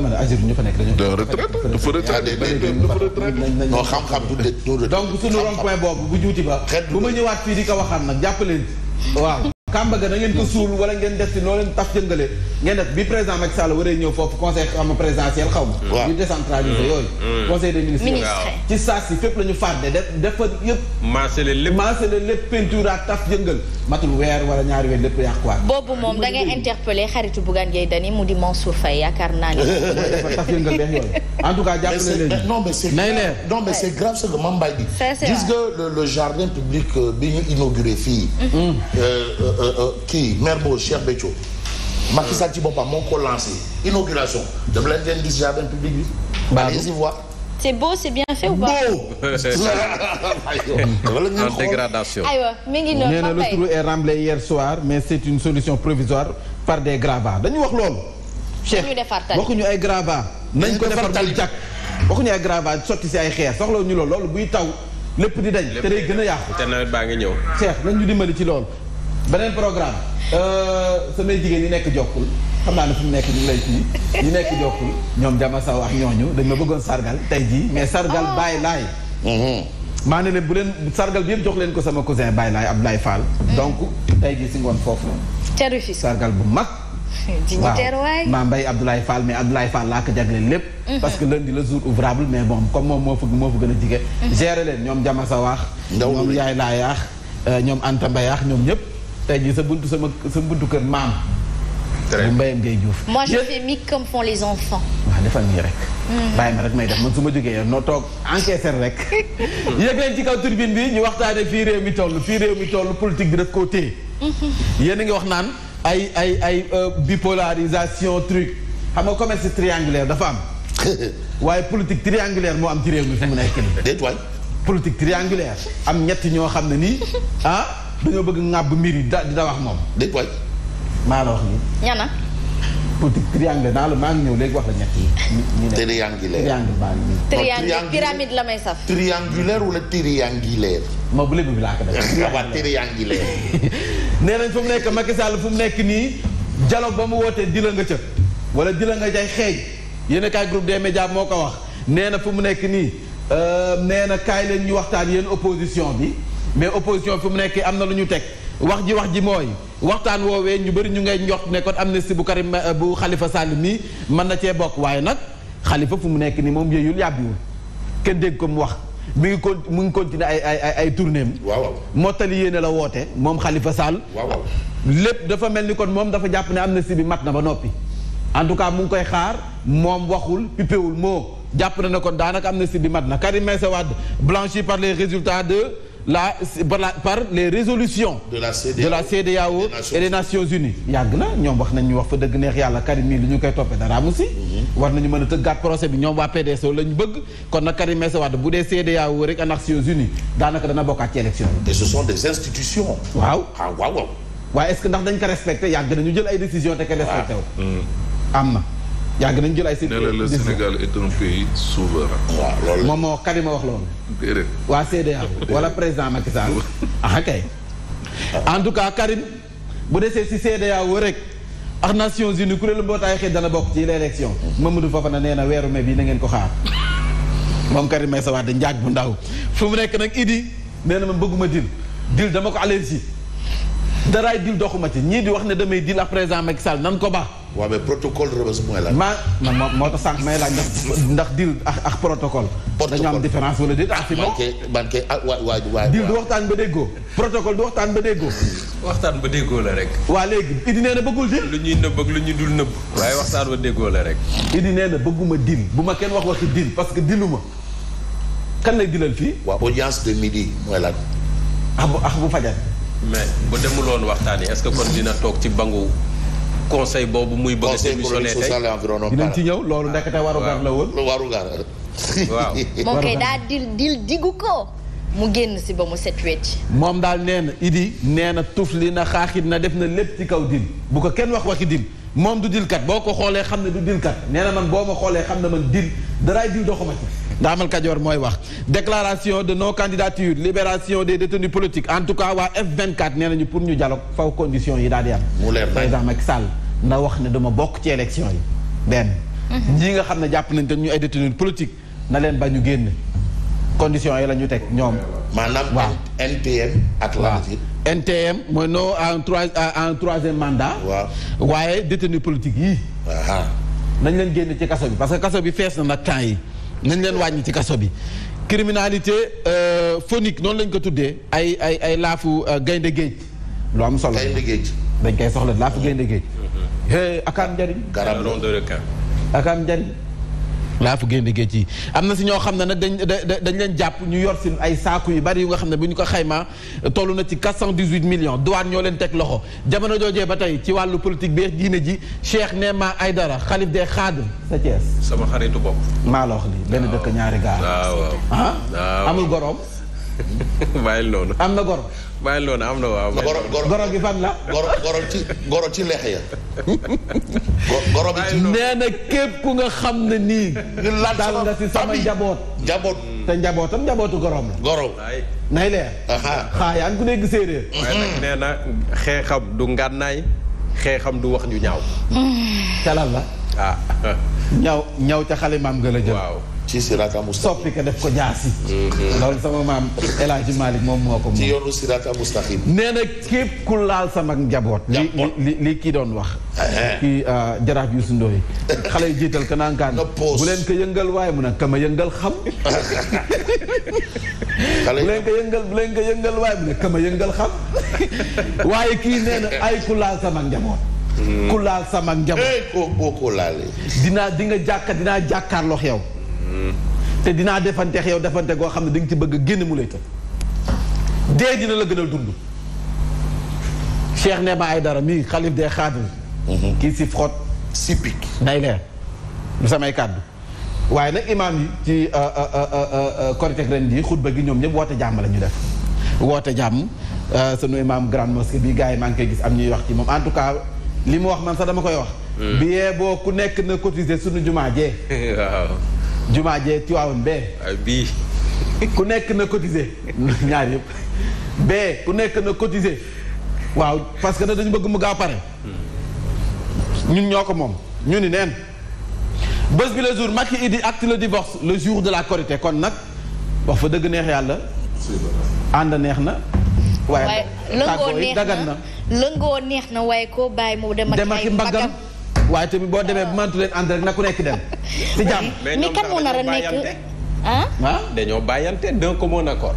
dama ne Azur ñu fa nekk dañoo. de retraite donc suñu rond point boobu bu juuti ba. bu ma ñëwaat fii di ko waxaan nag jàpp leen waaw. kàmba ga na ngeen ko suul wala ngeen des ci noo leen taf jëngale ngeen def bi président Macky Sall waree ñëw foofu conseil xam présidentiel xaw ma mm. Mm. ci saa si fépp la ñu def dafa yëpp maasale lépp lépp peinture ak taf jëngal matul weer wala ñaari weer lépp yàquwaat boobu moom da ngay xaritu Bougane Gueye Dany mu di Mansour Faye yaakaar naa ni taf jëngal beex yooyu en tout cas jàpp leen non mais c'est non mais c'est grave ce que Euh, euh, kii maire boobu Cheikh Béthio. Macky Sall ci boppam moo ko lancé inauguration. dafa leen leen gis jardin public bi. allez-y voir. c'est beau c'est bien fait ou pas. en dégradation. aywa mi ngi noonu nee na le trou est remblé hier soir mais c'est une solution provisoire par des gravats dañu wax loolu. Cheikh waxuñu ay gravats. nañ ko defar tali jàkk waxuñu ay gravats sotti si ay xeer soxla ñu loolu loolu buy taw lépp di dañ. te day gën a yàqu. te nawet baa ngi ñëw. Cheikh nañ ñu dimbali ci loolu. beneen programme euh, samay jigéen yi nekk jokkul xam naa ne fu mu nekk ñu lay fii ñu nekk jokkul ñoom jama saw ak ñooñu dañ ma bëggoon sargal tey jii mais sargal oh. bàyyi laay mm-hmm. maa ne bu leen sargal yëpp jox leen ko sama cousin bàyyi laay Abdoulaye Fall mm. donc tey jii si ngoon foofu sargal bu mag waaw maa mbay Abdoulaye Fall mais Abdoulaye Fall laa ko jagleel lépp mm-hmm. parce que lundi le jour ouvrable mais bon comme moom moo fa moo fa gën a jige mm-hmm. leen ñoom jama sa waax ñoom yaay laa yaax euh, ñoom Anta Mbayaax ñoom ñëpp tey jii sa buntu sama sa buntu kër maam. bu mbayam ngay juuf. moi je fais mi comme font les enfants. waaw defal nii rek. Mm-hmm. bàyyi ma rek may def man su ma jógee yow noo toog encaisser rek. yëg leen ci kaw turbine bi ñu waxtaanee fii réew mi toll fii réew mi toll politique bi daf koo téye. Mm-hmm. yéen a ngi wax naan ay ay bi euh, bipolarisation truc xam nga commerce triangulaire dafa am. waaye politique triangulaire moo am ci réew mi fu mu nekk nii. déet waay triangulaire am ñett ñoo xam ne nii dañoo bëgg ŋàbb mbir yi da di da wax moom. de nga maa la wax nii. ñana. politique triangle naa la maa ngi ñëw léegi wax la ñett yi. ñu ne triangulaire triangle baa ngi nii. triangle pyramide la may saf. triangulaire wala triangulaire. ma bu léegi bi laa ko def. waaw triangulaire. nee nañ fu mu nekk Macky Sall fu mu nekk nii dialogue ba mu wootee di nga cëf wala di la nga jay xeej yéen a kaay groupe des médias moo ko wax nee na fu mu nekk nii euh, nee na kaay leen ñu waxtaan yéen opposition bi. mais opposition fi mu nekk am na lu ñu teg wax ji wax ji mooy waxtaan woowee ñu bëri ñu ngay njort ne kon amnistie bu Karim euh, bu xalifa sàll mi mën na cee bokk waaye nag Khalifa fu mu nekk nii moom yëyul yàbbiwul kenn dégg ko mu wax mi ngi mu ngi continuer ay ay ay ay tournée am. waaw mottali yéene la woote moom Khalifa Sall. waaw lépp dafa mel ni kon moom dafa jàpp ne amnistie bi mat na ba noppi. en tout cas mu ngi koy xaar moom waxul pipewul moo jàpp na ne kon daanaka amnistie bi mat na Karim Meïssa Wade blanchi par les résultats de. la par les résolutions de la CEDEAO et des Nations Unies yàgg na ñoom wax nañ ñu wax fa dëgg neex yàlla Karim mii lu ñu koy toppee dara amu si mhm. war nañu mën a tëggaat procès bi ñoom waa PDS lañ bëgg kon nag Karim Meïssa Wade bu dee CEDEAO rek ak Nations Unies daanaka dana bokkaat ci élection yi ce sont des institutions waaw ah, waaw waaw waaye est-ce que ndax dañ ko respecté yàgg nañu jël ay décision te ko respecté wu mm. am na jàng nañ jël ay. seen le Sénégal est pays souverain. moom moo kadi ma wax loolu. déedéet waa CEDEA wala président Macky Sall. Ah, ah en tout cas Karim bu desee si CEDEA woo rek. ak Nations Unies kuréelu mbootaay xëy dana bokk ci moom Mamadou Fofana nee na weeru mai bii na ngeen ko xaar. moom Karim Meïssa Wade njaag bu ndaw fu mu nekk nag Idi nee na ma bëgguma dil dil dama ko allergie daraay dil doxuma ci ñii di wax ne damay dil à président Macky Sall nan ko baax. waaw mais protocole rëbës mooy ma moo tax sànq may laaj ndax ndax deal ak ak protocole. protocole dañoo am différence wala déet. ah si man kay man kay ah waay waay waay. deal du waxtaan ba déggoo. protocole du waxtaan ba déggoo. waxtaan ba déggoo la rek. waa léegi Idi nee na bëggul deal. lu ñuy nëbb ak lu ñuy dul nëbb. waaye waxtaan ba déggoo la rek. Idi nee na bëgguma deal bu ma kenn wax waxi deal parce que dealuma. kan lay dilal fii. waaw audience de midi mooy lan. ah bu ah bu fajar. mais bu demuloon waxtaan yi est-ce que kon dina toog ci bangu. conseil boobu muy bëgg a démissionné tey dinañ ci ñëw loolu ndekete ah, warugar la woon warugar waaw moom kay daa dil dil diggu ko mu génn si ba mu set wecc moom daal nee na idi nee na tuf li na xaaxit na def na lépp ci kaw dil bu ko kenn wax waxi dil moom du dilkat boo ko xoolee xam ne du dilkat nee na man boo ma xoolee xam ne man dil daraay dil doxuma ci Ndaamal Kajoor mooy wax déclaration de non candidature libération des détenus politique en tout cas waa F24 nee nañu pour ñu dialogue faw conditions yi daal di am. mu leer Sall na wax ne dama bokk ci élection yi benn. Mhm. nga xam ne jàpp nañ te ñu ay détenus politique na leen ba ñu génn conditions yi la ñu teg ñoom. maa waaw NTM ak la NTM mooy non en trois en troisième mandat. waaw waaye détenus politique yii. nañ leen génn ci kaso bi parce que kaso bi fees na nag temps yi. nañ leen wàññi ci kaso bi criminalité euh, phonique noonu lañ ko tuddee ay ay ay laafu euh, gaynde géej lu am solo gaynde géej dañ koy soxla laafu gaynde géej mm-hmm. akaan njariñ garab long de requin njariñ laa fu génn géej yi am na si ñoo xam ne nag dañ dañ leen jàpp ñu yor si ay saaku yu bari yu nga xam ne bu ñu ko xaymaa toll na ci 418 millions douane ñoo leen teg loxo jamono joojee ba tey ci wàllu politique bi diine ji ma ay dara xalif de Xaadim sa Thiès. sama xaritu bopp. maa la wax lii benn dëkk ñaari gaar. waaw ah amul goroom. bàyyil noonu. am na goroom. bàyyi loolu am na waaw. goro gi fan la. goro goro ci goro ci leex ya. goro bi ci. nee na képp ku nga xam ne nii. dal nga si sama njaboot. njaboot te njabootam njabootu gorom la. goro nay leer. xaa yaa ku nekk séeréer. waaye nee na xeexam du ngànnaay xeexam du wax ñu ñaaw. calal la. ah. ñaw ca xale maam gën a jël ci sirata mustaqim soppi ko def ko jaasi. Mhm. loolu sama maam El Hadj moom moo ko moom. ci yoonu sirata nee na képp ku laal sama njaboot. li li li kii doon wax. kii ah, jaraaf Youssou Ndoye xale yi jiital ka naan kaan bu leen ko yëngal waaye mu a kam a yëngal xam. bu leen ko yëngal bu leen ko yëngal waaye xam. waaye kii nee ay ku sama njaboot. Mhm. ku laal sama njaboot. eh koo dinaa di nga jàkka dinaa jàkkaarloo yow. Mm-hmm. te dinaa defanteex yow defante goo xam ne da ci bëgg a génn mu lay tëj dee dina la gënal dund Cheikh Nema dara mii xalif des xaadir mm-hmm. kii si frot si pik day leer lu samay kàddu waaye nag imaam yi ci euh, euh, euh, korite ren ji xutba gi ñoom ñëpp woote jàmm la def woote jàmm sunu imaam grande mosquée bi gars yi maa ngi koy gis am ñuy wax ci moom en tout cas li mu wax man sax dama koy wax mm. bi yee boo ku nekk na cotiser sunu jumaa jee jumaa jee Tiwaawan be bii. ku nekk na cotiser ñaar yëpp bee ku nekk na cotiser waaw parce que ne dañu bëgg mu gaa pare. ñun ñoo ko moom ñu ni neen. bés bi le jour Macky idi acte le divorce le jour de la Korité kon nag wax fa dëgg neex yàlla. ànd neex na. waaye lëngoo neex na dagan na. neex na waaye koo bàyyi moo dem ak ay mbagam waaye tamit boo demee bu mantu leen ànd na ku nekk dem. si jàmm mais kan moo nar a nekk ah. dañoo bàyyante d'un commun accord.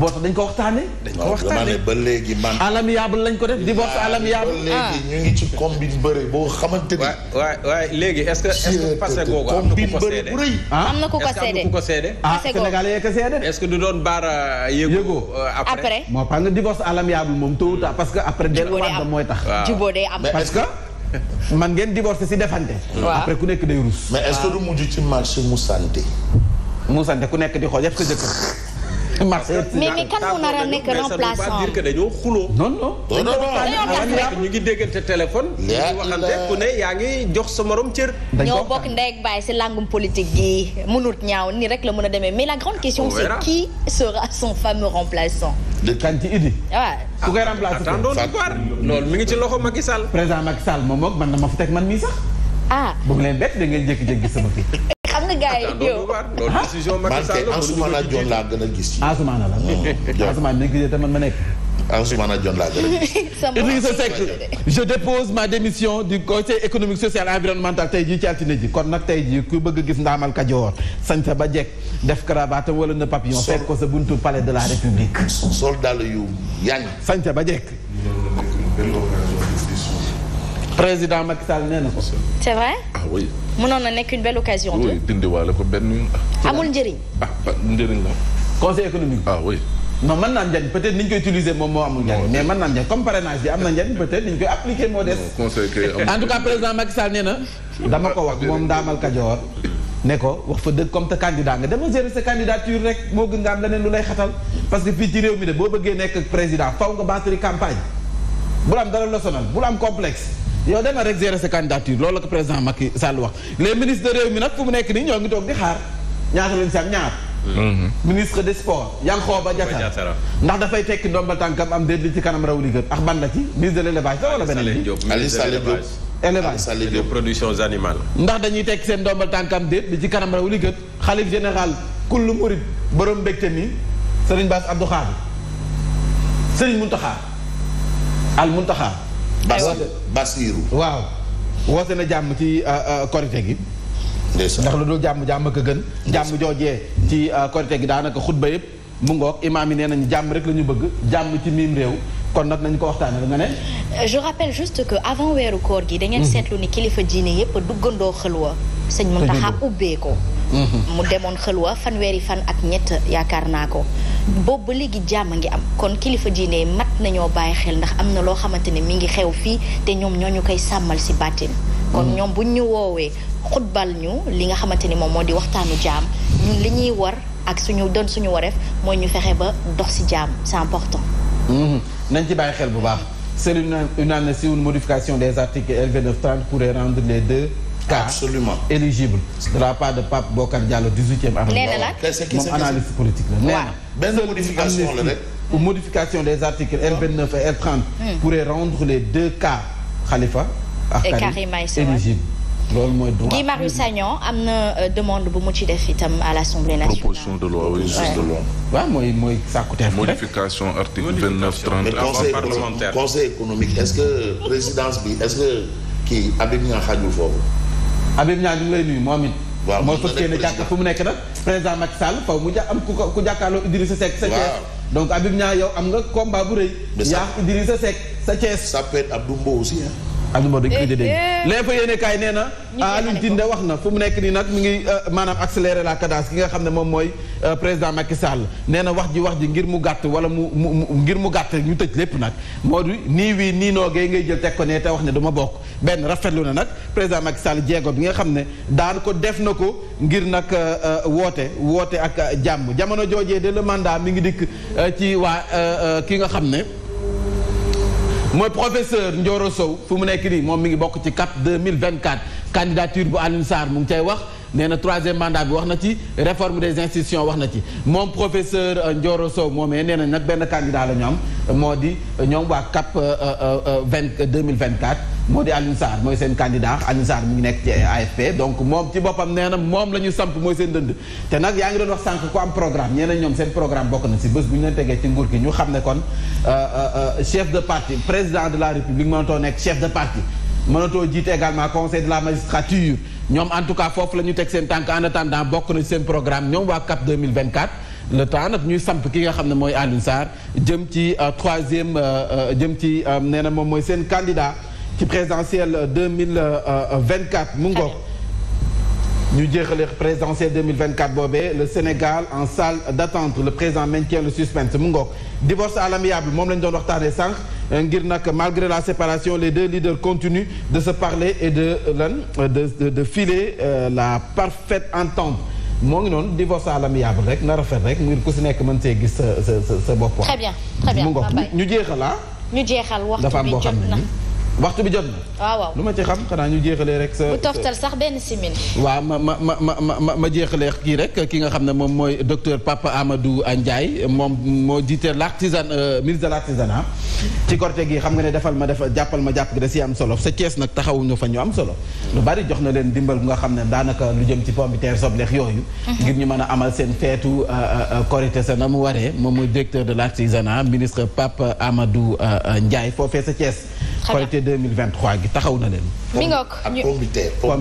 boo tax dañ ko waxtaane dañ ko waxtaane ba léegi man. alamiyaabal lañ ko def di alamiyaabal. ba léegi ah. ñu ngi ci combine bëre boo xamante ni. waay waay léegi est-ce que est-ce que passé ko seede am na ku ko ah? ce ah, que du doon baara euh, yëgu. Euh, après moo tax nga divorce moom tawuta parce que après. jubóo day am mooy tax. jubóo day am que. man ngeen divorcé si defante. après ku nekk day rus. mais est-ce que du mujj ci marché mu santé. mu santé ku nekk di xool yëpp sa jëkkër. marché mais mais kan mu nar a nekk remplaçant dire que dañoo xuloo. non non non non ñu ngi déggante téléphone. yaa ngi waxante ku ne yaa ngi jox sa morom cër. ñoo bokk ndey ak baay si langum politique gi mënut ñaaw nii rek la mën a demee mais la grande question c'est qui sera son fameux remplaçant. de kan ci Idi. waaw ah. ku koy remplacer. attendons de voir loolu mi ngi ci loxo Macky Sall. président Macky Sall moom moog man na ma fa teg man mii sax. ah bu mu leen bett da ngeen jékki-jékki sama kii. xam nga gars yi yow loolu décision Macky Sall la. man kay Ansoumana Dione laa gën a gis. Ansoumana la non Ansoumana mi ngi gisee te man ma nekk. Ansoumana Dione laa gërëm. se Seck je dépose ma démission du conseil économique social environnemental tey jii ci ji kon nag tey jii ku bëgg gis ndaamal Kajoor sañ sa ba jekk def cravate wala na papillon. fekk ko sa buntu palais de la république. sol dàll yu yàng. sañ sa ba jekk. président Macky Sall nee na ko. c'est vrai. ah oui. nekk une belle occasion. oui dindiwaale ko benn. amul ah, ah, njëriñ. la. conseil économique. Ah non mën naa am njariñ peut-être ni moom moo amul njariñ mais mën naa am njariñ comme parrainage bi am na njariñ peut-être ni ñu moo des. en tout cas président na. dama ko wax moom ndaamal ne ko wax fa dëgg comme te candidat nga dama gérer rek moo gën nga leneen lu lay xatal parce que fii ci réew mi de boo bëggee nekk président faw nga battre campagne bul am dara la am complexe yow dama rek gérer sa candidature loolu président Macky Sall wax les ministres de réew mi mu nekk nii ñoo ngi toog di xaar ñaata lañ si am ñaar Mm-hmm. ministre des sports Yankhoba Diattara ndax dafay tekki ndombal tànkam am déet li ci kanam raw li ax ak ban ci ministre de l' élevage la wala beneen bi Aliou Salé Diop élevage Salé Diop productions animales ndax dañuy tekki seen ndombal tànkam déet li ci kanam raw li gën xalif général kullu murid borom mbégte mi Serigne Bass Abdou Khadre Serigne Mountakha al Mountakha Bassirou waaw woote na jàmm ci euh, euh, korite gi ndax lu dul jàmm jàmm ko gën jàmm joojee ci euh, korite gi daanaka xutba yëpp mu ngoog imaam yi nee nañu jàmm rek la ñu bëgg jàmm ci miim réew kon nag nañu ko waxtaanee nga ne euh, je rappelle juste que avant weeru koor gi da ngeen mhm. seetlu ni kilifa diine yëpp duggandoo xëlwa sëñ Muntaxa ubbee ko mhm. mu demoon xëlwa fanweeri fan ak ñett yaakaar naa ko boobu ba léegi jàmm ngi am kon kilifa diine mat nañoo bàyyi xel ndax am na loo xamante ne mi ngi xew fii te ñoom ñoo ñu koy sàmmal si bàttin kon ñoom bu ñu woowee xutbal ñu li nga xamante ni moom moo di waxtaanu jaam ñun li ñuy war ak suñu doon suñu wareef mooy ñu fexe ba dox ci jaam c'est important. Mhm. nañ ci bàyyi xel bu baax. seule une amnistie ou une modification des articles L29 30 pourrait rendre les deux. cas absolument de la part de Pape Bokar Diallo 18e arrondissement. nee na nag moom analyse politique la. nee na benn modification la rek. ou modification des articles L29 et Ah, Karim Meïssa éligible loolu mooy droit Guy Marius Sagnan am na euh, demande bu mu ci def itam à l' assemblée nationale. proposition de loi oui juste de loi. waaw mooy mooy sàkkuteef modification article vingt neuf trente parlementaire conseil économique est ce que présidence bi est ce que kii Habib Niang xaajul foofu. Habib Niang ñu ngi lay nuyu moom it. waaw mooy fas yéene jàkk fu mu nekk nag président Macky Sall faw mu ja am ku ku jàkkaarloo Idrissa Seck. sa Thiès donc Habib Niang yow am nga combat bu rëy. yaa Idrissa Seck sa Thiès. ça peut être Abdou Mbow aussi hein. ajuma dañ koy dégg eh. l'info yéene kaay nee na Alioune Tine wax na fu mu nekk nii nag mu ngi euh, maanaam accélérer la cadence ki nga xam ne moom mooy euh, président Macky Sall nee na wax ji wax ji ngir mu gàtt wala mu mu ngir mu gàtt ñu tëj lépp nag moo di nii wii nii noogee ngay jël teg ko ne te wax ne dama bokk benn rafetlu na nag président Macky Sall jéego bi nga xam ne daan ko def na ko ngir nag euh, woote woote ak jàmm jamono joojee de le mandat mi ngi dikk ci waa ki nga xam ne mooy professeur Ndioro Sow fu mu nekk nii moom mi ngi bokk ci CAP 2024 candidature bu Alioune Sarr mu ngi cay wax nee na troisième mandat bi wax na ci réforme des institutions wax na ci moom professeur euh, Ndioro Sow moomee nee na nag benn candidat la ñoom am moo di euh, ñoom waa CAP 20 euh, 2024 moo di Alioune mooy seen candidat Alioune mu ngi nekk ci AFP donc moom ci boppam nee moom la ñu samp mooy seen dënd te nag yaa ngi doon wax sànq ku am programme ñeneen seen programme bokk na si bés bu ñu leen tegee ci ne kon euh, euh, euh, chef de président de la république mënatoo nekk chef de parti mënatoo jiite également conseil de la magistrature ñoom en tout cas foofu la ñu teg seen tànk en attendant ci seen programme ñoom waa CAP 2024 le temps nag ñuy samp ki nga xam ne mooy Alioune Sarr jëm ci troisième jëm ci nee na moom mooy seen candidat ci présidentielle deux mille vingt quatre mu ngoog ñu jeexale présidentielle 2024 boobee le Sénégal en salle d'attente le président maintient le suspense mu ngoog divorce à l'amiable moom lañ doon waxtaanee sànq euh, ngir nag malgré la séparation les deux leaders continuent de se parler et de lan de de, de filer euh, la parfaite entente moo ngi noonu divorce à l'amiable rek na rafet rek ngir ku si nekk mën see gis sa sa sa bopp. très bien très bien mu ngoog ñu jeexal ah. ñu jeexal waxtu bi jot na waxtu bi jot na. waaw waaw lu ma ci xam xanaa ñu jéexalee rek. sa sax benn simin. waaw ma ma ma ma ma jeexalee kii rek ki nga xam ne moom mooy docteur Papa Amadou Ndiaye moom moo jiite l' artisan euh, ministre de l' artisanat ci corté gi xam nga ne defal ma defal jàppal ma jàpp gi am solo sa Thiès nag taxawuñu fa ñu am solo. lu bari jox na leen dimbal bu nga xam ne daanaka lu jëm ci pomme de terre sobleex yooyu. Mhm. ngir ñu mën a amal seen feetu euh, euh, Korité sa na mu waree moom mooy directeur de l' artisanat ministre Papa Amadou Ndiaye foofee sa Thiès. Korité 2023 gi taxaw na leen. mi